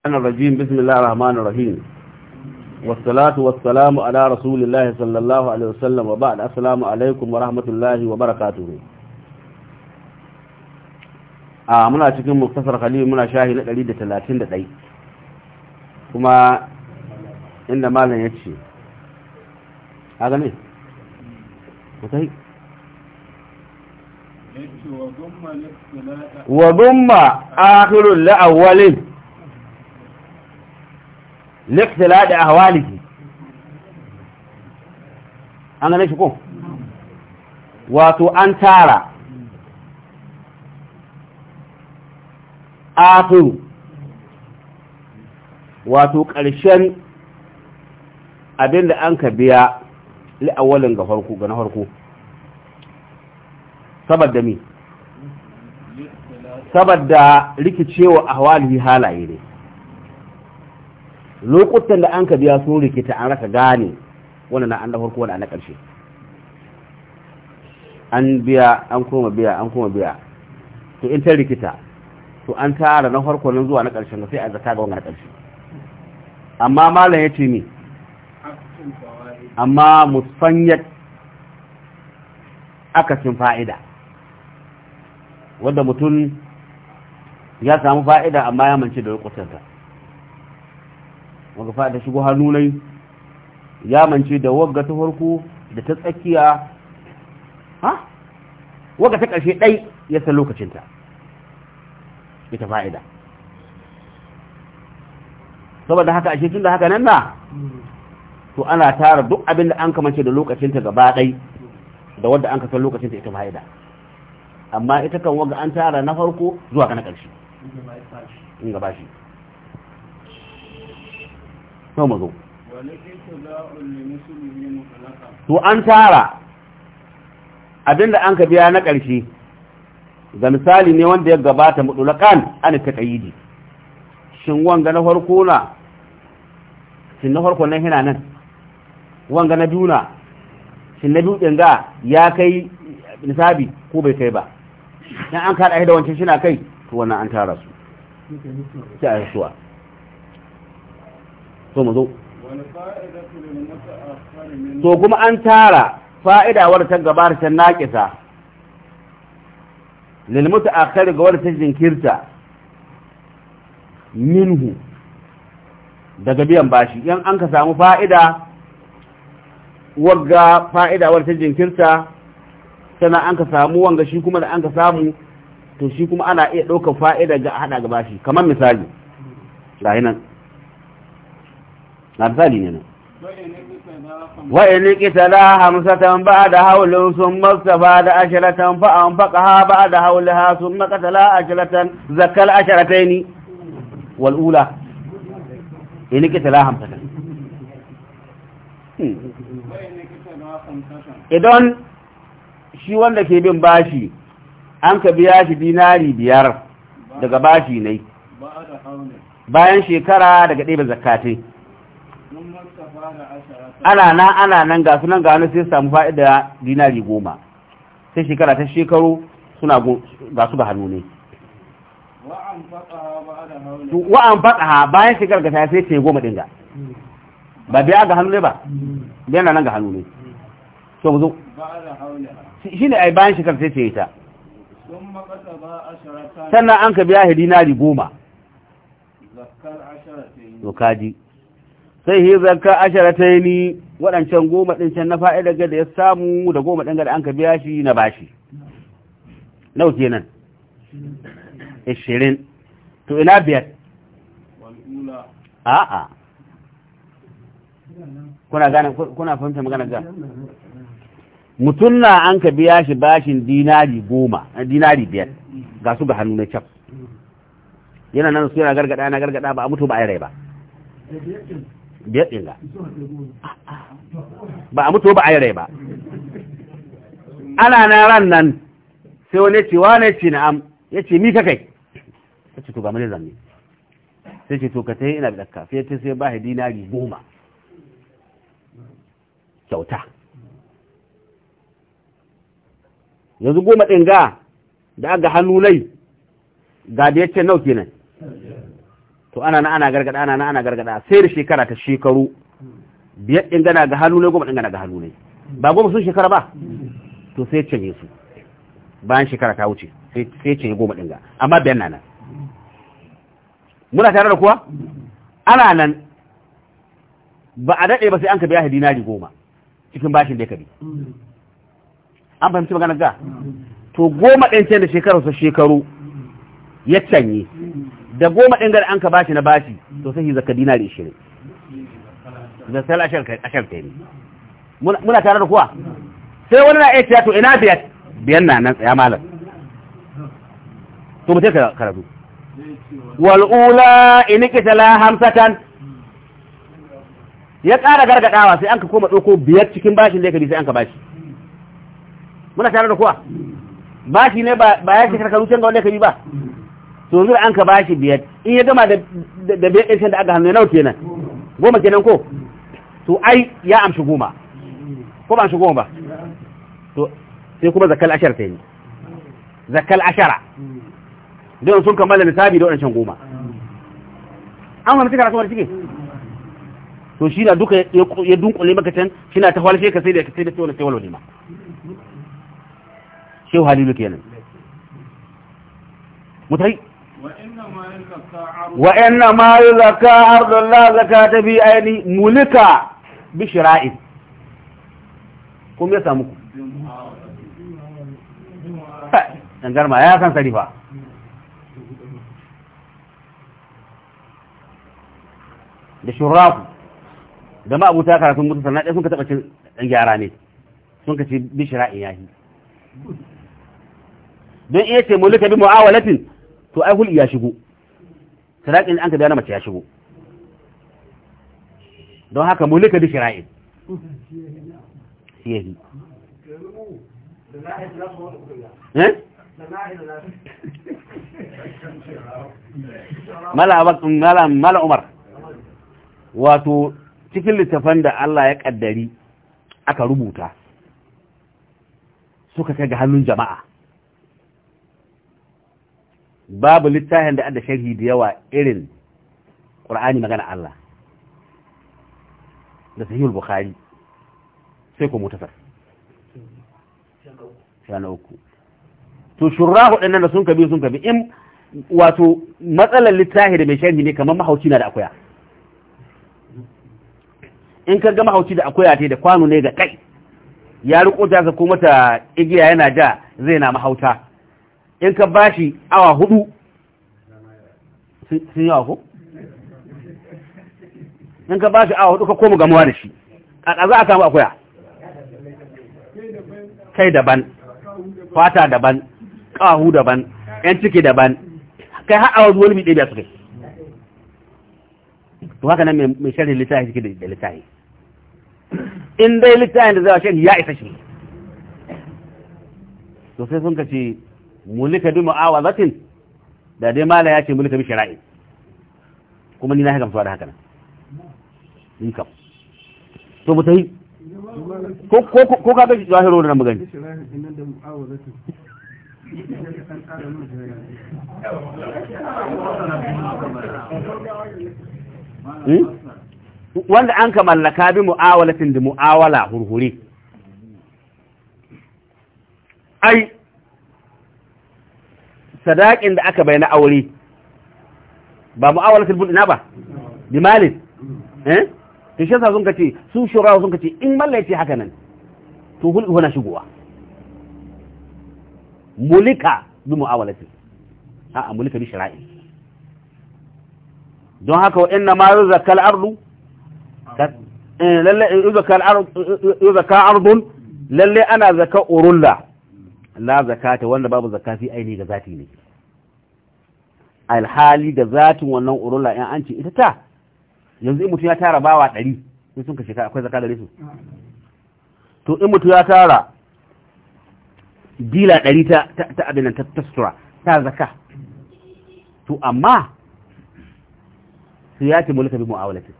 الرحمن الرجيم بسم الله الرحمن الرحيم والصلاة والسلام على رسول الله صلى الله عليه وسلم وبعد السلام عليكم ورحمة الله وبركاته آه منا cikin muktasar khalil muna shahi na 131 kuma inda malam yace a gane kai wa dumma akhirul la'awwalin liktila da ahwalihi an gane shi ko wato an tara akiru wato ƙarshen abinda an ka biya li'awalin ga farko ga na farko saboda mi saboda rikicewa ahwalihi halaye ne lokutan da an ka biya sun rikita an raka gane wannan na an da farko wannan na ƙarshe an biya an koma biya an koma biya to in ta rikita to an tara na farko nan zuwa na ƙarshen sai a zata ga na ƙarshe amma malam ya ce ni amma musfanyat akasin fa'ida wanda mutum ya samu fa'ida amma ya mance da lokutan ta fa da shigo hannu nai ya mance da wagga ta farko da ta tsakiya ha wagga ta ƙarshe ɗai ya san lokacinta ita fa'ida saboda haka ashe tun da haka nan na, to ana tara duk abin da an kamance da lokacinta gaba ɗai da wadda an kasar lokacinta ita fa'ida amma ita kan wagga an tara na farko zuwa ga na ƙarshe in gaba shi sau mazo to an tara abinda an ka biya na ƙarshe ga misali ne wanda ya gabata mutulakan an ta ƙayyidi shin wanga na farko na shin na farko na hina nan wanga na biyu na shin na biyu ɗin ga ya kai nisabi ko bai kai ba yan an kaɗa da wancan shi na kai to wannan an tara su yi suwa so mu zo to kuma an tara fa'ida wadda ta gabata ta naƙisa lilmuta a ga wadda ta jinkirta minhu daga biyan bashi yan an ka samu fa'ida wadda fa'ida wadda ta jinkirta sannan an ka samu wanga shi kuma da an ka samu to shi kuma ana iya ɗaukar fa'ida ga haɗa ga bashi kamar misali ga nan na misali وإن قتلا مسة بعد هول ثم استفاد أشرة فأنفقها بعد هولها ثم قتلا أشرة زكى الأشرتين والأولى إن قتلا مسة idan shi wanda ke bin bashi an ka biya shi dinari biyar daga bashi ne bayan shekara daga ɗaya zakatai ana nan ana nan ga sunan ga wani sai samu fa'ida dinari goma sai shekara ta shekaru suna ga su ba hannu ne wa'an fataha bayan shekara ga sai ce goma ɗin ga ba biya ga hannu ne ba biya na nan ga hannu ne so zo shi ne ai bayan shekara sai ce ta sannan an ka biya dinari goma Zokaji. sai hi zakka asharataini waɗancan goma ɗin can na fa'ida ga da ya samu da goma ɗin ga da an ka biya shi na bashi nau kenan ishirin to ina biyar a'a kuna gane kuna fahimta magana ga mutum na an ka biya shi bashin dinari goma dinari biyar ga su ga hannu na cap yana nan su yana gargada na gargada ba a mutu ba a rai ba biyar ɗin ga ba a mutu ba a yi rai ba ana na ran nan sai wani ce wane ce am ya ce mi ka kai ta ce to ga mani zanne sai ce to ka ta yi ina da ɗakka sai ta sai ba dinari goma kyauta yanzu goma ɗin ga da aga hannu lai ga da ya ce nau kenan to ana na ana gargada ana na ana gargada sai da shekara ta shekaru biyar din gana ga hannu ne goma din gana ga hannu ne ba goma sun shekara ba to sai canye su bayan shekara ta wuce sai canye goma din ga amma biyan na nan muna tare da kuwa ana nan ba a daɗe ba sai an ka biya dinari goma cikin bashin da ka bi. an fahimci magana ga to goma ɗin ce da shekaru sa shekaru ya canye da goma ɗin gari an ka bashi na bashi to sai zaka dinari ishirin da sai ashar kai ashar kai ne muna tare da kuwa sai wani na iya cewa to ina biyar biyan na nan tsaya malam to mutai ka karatu wal'ula in kitala hamsatan ya ƙara gargaɗawa sai an ka koma ɗauko biyar cikin bashin da ya kabi sai an ka bashi muna tare da kuwa bashi ne ba ya shekar karucin ga wanda ya kabi ba to yanzu an ka bashi biyar in ya gama da biyar ɗin da aka hannu ya nawa nan goma kenan ko to ai ya amshi goma ko ba amshi goma ba to sai kuma zakal ashar ta yi zakal ashara don sun kammala lissafi da waɗancan goma an wani cikin rasuwar ciki to shi na duka ya dunkule maka can shi na ta halshe ka sai da ka sai da sai wani sai wani ma shehu halilu kenan mutai wa inna ma yuzakka ardullah zakata bi aini mulika bi shira'i kuma ya samu dan garma ya san sarifa da shurafu da ma abuta karatun mutu sannan ɗaya sun ka taɓa cin ɗan gyara ne sun ka ci bi shira'in yahi don iya ce mulika bi mu'awalatin to ai hul iya shigo siraɗin an ka biya mace ya shigo don haka mulika da shira'in siyahi eh? mala umar wato cikin littafan da Allah ya ƙaddari aka rubuta suka kai ga hannun jama'a babu littafin da adda sharhi da yawa irin qur'ani magana Allah da al bukhari sai ko mutasar shana uku to shurrahu dinnan da sun kabi sun kabi in wato matsalar littafi da mai sharhi ne kamar mahauci na da akuya in ka ga mahauci da akuya te da kwano ne ga kai ya riko ta ko mata igiya yana ja zai na mahauta in ka bashi awa hudu sun yi ko in ka bashi awa hudu ka koma gamuwa da shi a za a samu akuya kai daban fata daban ƙahu daban ƴan ciki daban kai har awa wani mai ɗaya su kai to haka nan mai sharhin littafi suke da littafi in dai littafi da zai sharhi ya isa shi to sai sun ka ce mulika bi mu'awazatin da dai mala yake ce mulika bi shara'i kuma ni na haka mutuwa da haka nan in kam to mu tafi ko ko ko ka ga zahiro da nan gani. Hmm? wanda an ka mallaka bi mu'awalatin da mu'awala hurhuri ai sadaƙin da aka bai na aure ba mu'awalatul budina ba bi malin eh to shi yasa sun kace su shura sun kace in mallai ce haka nan to hulɗu na shigowa mulika bi mu'awalatin a'a mulika bi shara'i don haka wa'inna ma yuzakal ardu eh, lalle yuzakal ardu lalle ana zaka urulla la zakata wanda babu zakati aini ga zati ne alhali da zatin wannan urula in an ce ita ta yanzu in mutum ya tara bawa ɗari in sun ka akwai zakata da su to in mutum ya tara dila ɗari ta ta abin ta tasura ta zaka to amma su ya ce mulka bi mu'awalatin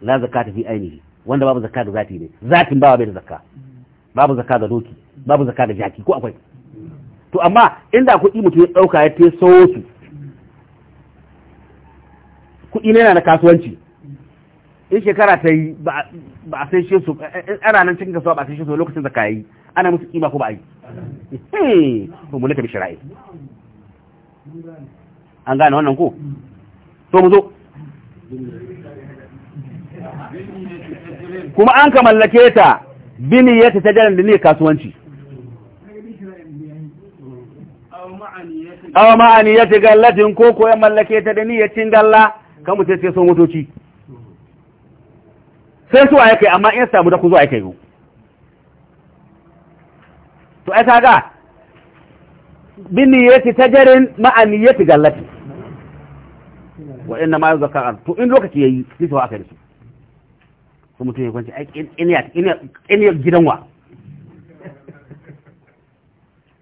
la zakata fi ainihi wanda babu zakka da zati ne zatin bawa bai da zakka babu zaka ga doki babu zaka ga jaki ko akwai to amma inda kuɗi mutum ya ɗauka ya tai sawo su kuɗi ne yana na kasuwanci in shekara ta yi ba a sai shi su eh, eh, ana nan cikin kasuwa ba a sai shi su lokacin zaka yi ana musu kima ko ba a yi to mu bi shara'i an gane wannan ko to mu zo kuma an ka mallake ta bini ya ta tajarar da ne kasuwanci awa ma'ani ya ta gallatin ko ko ya mallake ta da niyyacin galla kan mutum sai so motoci sai su a kai amma in samu da ku zuwa a kai to ai kaga ta niyyati tajarin ma'an niyyati gallati wa'in na ma yuzakka to in lokaci yi nisa wa aka yi su ko mutum ya kwanci ina gidan wa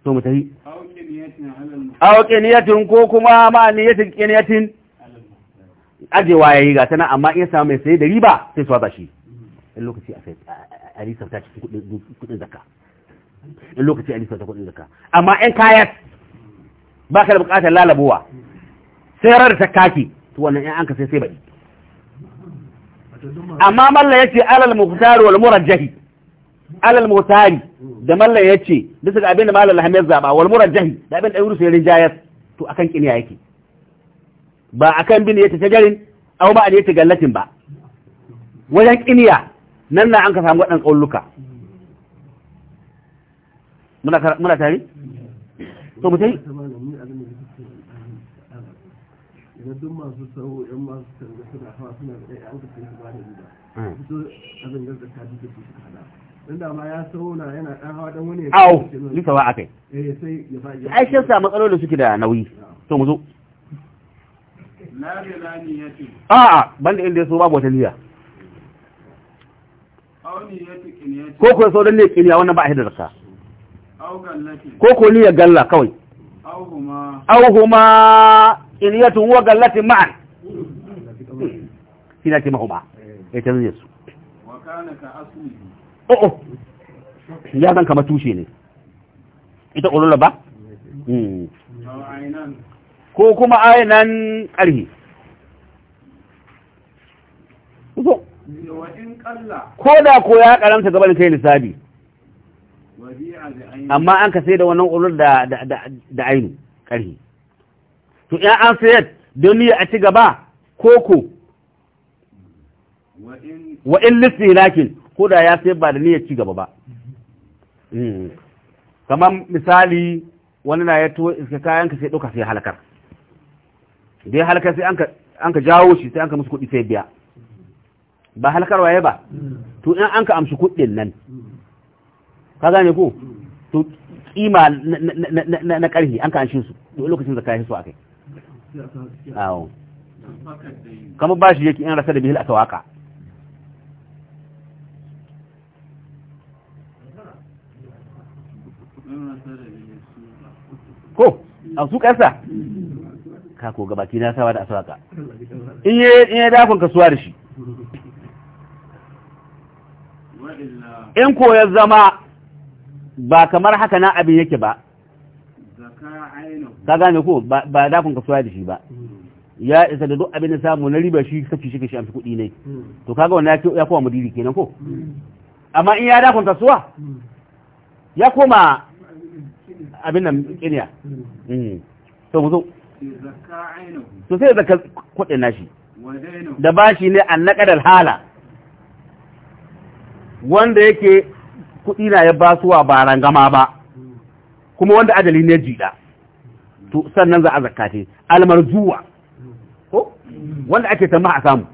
to mu tafi auke niyatin ko kuma ma niyatin niyatin ajewa yi gata tana amma in samun mai sai da riba sai swaba shi in lokaci a sai a risa ta cikin kudin zaka in lokaci a risa ta kudin zaka amma in kayan ba ka da bukatar lalabowa sai rar ta kaki to wannan in an ka sai sai baɗi amma mallan yace alal muhtar wal murajjahi alal muhtari da mallan yace bisa ga abin da mallan Ahmed zaba wal murajjahi da abin da Yunus sai rinjayas to akan kiniya yake ba akan bin yace garin aw ba an yace gallatin ba wajen kiniya nan na an ka samu wadan kauluka muna muna tare to mutai duk masu sau yan masu canza suna kawo suna da ɗaya an ka sai su ba da riba hmm. su a zangar da kaji da su suka hada dan da ma ya sauna yana ɗan hawa dan wani ya au lisa wa akai eh sai ya faɗi ai shi yasa matsalolin suke da nauyi to mu zo lani ya ce a'a banda inda ya so babu wata liya ko ko so dan ne kiniya wannan ba a hidda zakka ko ko liya galla kawai auhuma iliyatun wa Galati ma'an shi na ya ce ya kama tushe ne ita ƙulula ba ko kuma ainihin ƙarhi ko da ko karanta gaban kai lissabi amma an ka sai da wannan ulur da da ainu ƙarfi to ya an sayar don yi a ci gaba koko wa in lissi lakin ko da ya sayar ba da niyyar ci gaba ba hmm. kamar misali wani na ya tuwo iska kayan ka sai ɗauka sai halakar da ya halakar sai an ka jawo shi sai an ka musu kuɗi sai biya ba halakar waye ba hmm. to in an ka amshi kuɗin nan ka gane ko to kima na karhi an ka shi su duk lokacin zakka ya su akai awo kamar bashi yake in rasa da bihil a tawaka. ko a su ƙasa ka ko gabaki na sawa da asawaka in ya dakon kasuwa da shi in ko ya zama ba kamar haka na abin yake ba ka gane ko ba da kun kasuwa da shi ba hmm. ya isa da duk abin da samu na riba shi kaci shi kashi amfi kuɗi ne hmm. to kaga wannan ya kowa mudiri kenan ko hmm. amma in ya dakon kasuwa ya koma abin nan kiniya to mu zo to sai zaka kudin nashi da bashi ne an naƙadar hala wanda yake kuɗi na ya basuwa ba rangama ba kuma wanda adali ne jiɗa to sannan za a zakate zuwa ko wanda ake tamba a samu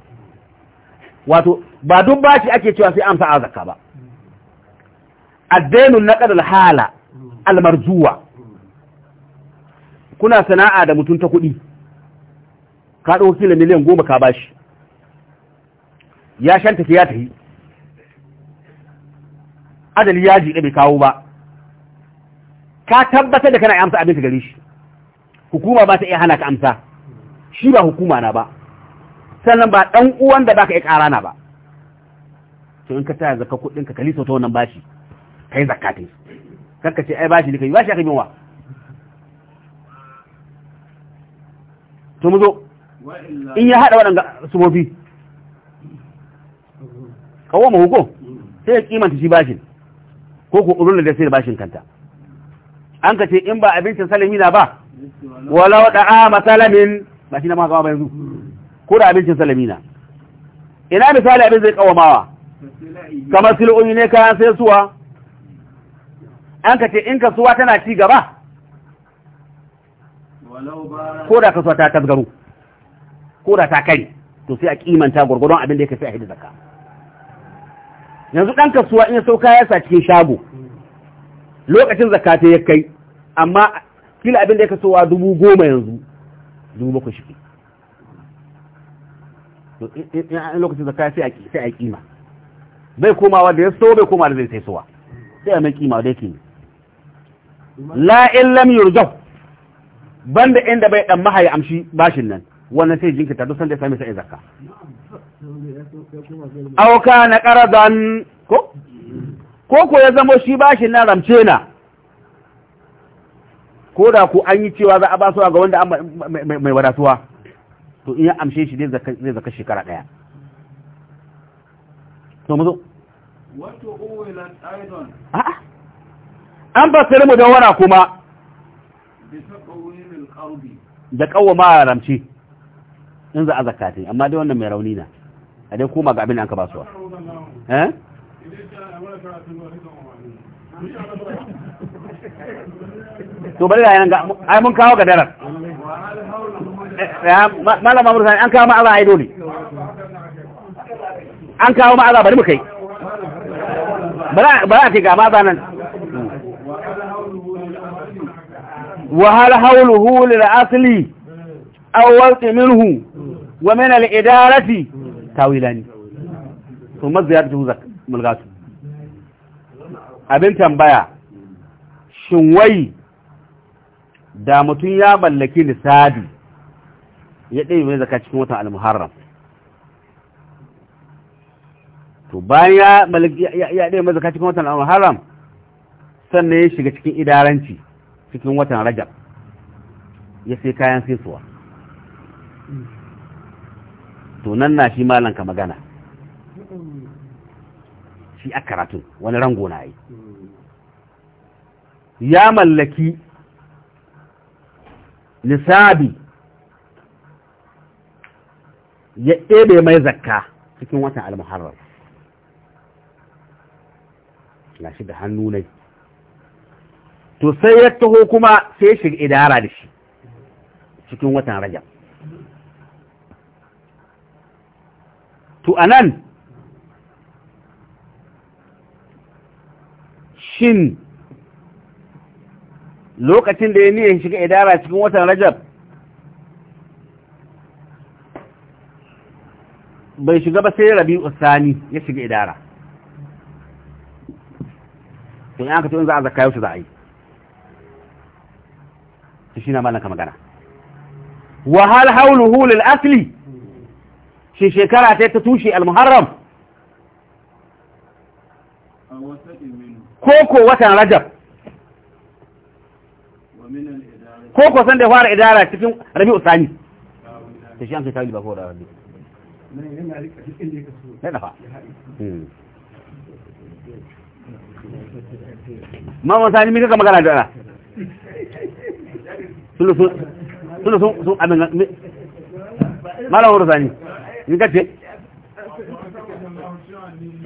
wato ba duk bashi ake cewa sai amsa a zakka ba addainun naqad alhala almarjuwa kuna sana'a da mutum ta kuɗi ka ɗauki kila miliyan goma ka bashi ya shanta ki ya tafi adali ya jiɗe bai kawo ba ka tabbatar da kana amsa abin ka gare shi hukuma ba ta iya hana ka amsa shi ba hukuma na ba sannan ba ɗan uwan da baka iya ƙara na ba to in ka taya zaka kuɗin ka kalisa ta wannan bashi kai zakatin kanka ce ai bashi ne kai bashi aka binwa to mu zo in ya haɗa waɗanda sumofi kawo mahuko sai ya kimanta shi bashin ko ku urun da sai da bashin kanta an ka ce in ba abincin salami na ba wala wada a masalamin ba shi na ma kama ba yanzu ko da abincin salami na ina misali abin zai kawamawa kamar sil'o'i ne kayan sai suwa an ka ce in kasuwa tana ci gaba ko da kasuwa ta tasgaro ko da ta kare to sai a kimanta gwargwadon abin da ya kafi a hidda zakka yanzu ɗan kasuwa in ya sauka ya sa cikin shago lokacin zakata ya kai amma kila abin da ya kasuwa dubu goma yanzu dubu bakwai shi in lokacin zakata sai a kima bai komawa da ya so bai komawa da zai sai sowa sai a mai kima da yake la'in la in lam yurjau banda inda bai dan mahayi amshi bashin nan wannan sai jinkirta duk sanda ya sami sai zakka na ƙara qaradan ko ko ko ya zamo shi bashi na ramce na ko da ku an yi cewa za a ba su ga wanda an mai wadatuwa to in ya amshe shi zai zaka shekara ɗaya. to mu zo wato an ba mu don wana kuma da kawwa ma ramce in za a zakatin amma dai wannan mai rauni na a dai koma ga abin da an ka ba suwa eh? to bari da yan ga ai mun kawo ga darar eh, eh, malam mamur sani an kawo Allah ai dole an kawo ma'aza bari mu kai bari a ce ga ma'aza nan wa hal hawluhu lil asli aw waqti minhu wa min al-idarati tawilani to maziyatu zak mulgatu abin tambaya shin wai da mutum ya mallaki lissabi ya ɗaya mai zaka cikin watan al to bayan ya ɗaya mai zaka cikin watan al sannan ya shiga cikin idaranci cikin watan rajab ya sai kayan saisuwa to nan na shi malan ka magana shi a karatun wani rango na yi ya mallaki nisabi ya ɗebe mai zakka cikin watan almuharar na shi da hannu ne to sai ya taho kuma sai shiga idara da shi cikin watan rajab to anan shin lokacin da ya niyan shiga idara cikin watan rajab bai shiga ba sai rabi usani ya shiga idara to yanka to in za a zakka yau za a yi to shi na malaka magana wa hal hawluhu lil asli shi shekara ta ta tushe al-muharram koko watan rajab koko san da fara idara cikin rabi usani ta shi an ba ko da rabi ma wani sani mika magana da ana sun abin sani 你赶紧。